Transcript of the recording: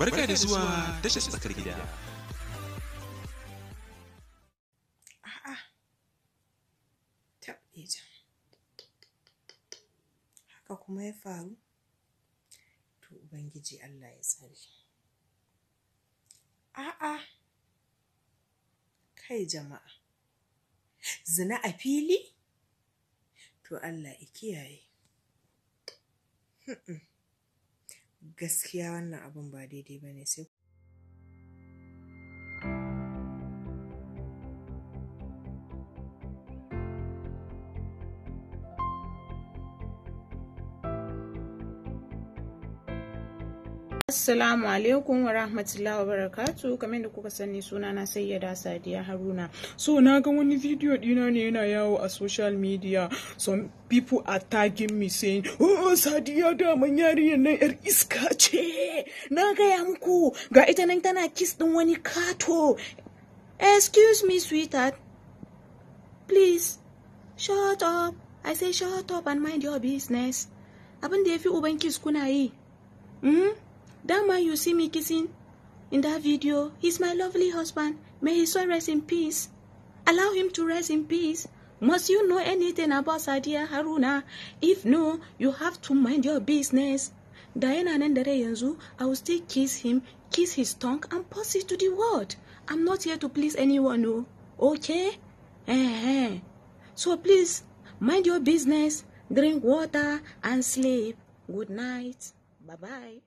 Barka da zuwa tashar tsakar gida. A'a, eh, Haka kuma ya faru? To, Ubangiji Allah ya tsare. A'a, kai jama'a, zina a fili? To, Allah ya kiyaye. gaskiya wannan abun ba daidai ba ne sai Assalamu alaikum wa rahmatullahi wa barakatu kamar da kuka sani na Sayyada Sadiya Haruna. So na ga wani video dina ne yana yawo a social media. Some people are tagging me saying, "Oh Sadiya da man nan yar iska ce." Na gaya muku ga ita nan tana kiss din wani kato. Excuse me sweetheart. Please shut up. I say shut up and mind your business. Abin da ya fi uban kiss kuna yi. Mm -hmm. That man you see me kissing in that video, he's my lovely husband. May his soul rest in peace. Allow him to rest in peace. Must you know anything about Sadiya Haruna? If no, you have to mind your business. Diana Nendere Yanzu, I will still kiss him, kiss his tongue, and pass it to the world. I'm not here to please anyone, no. Oh. Okay? Uh-huh. So please, mind your business, drink water, and sleep. Good night. Bye bye.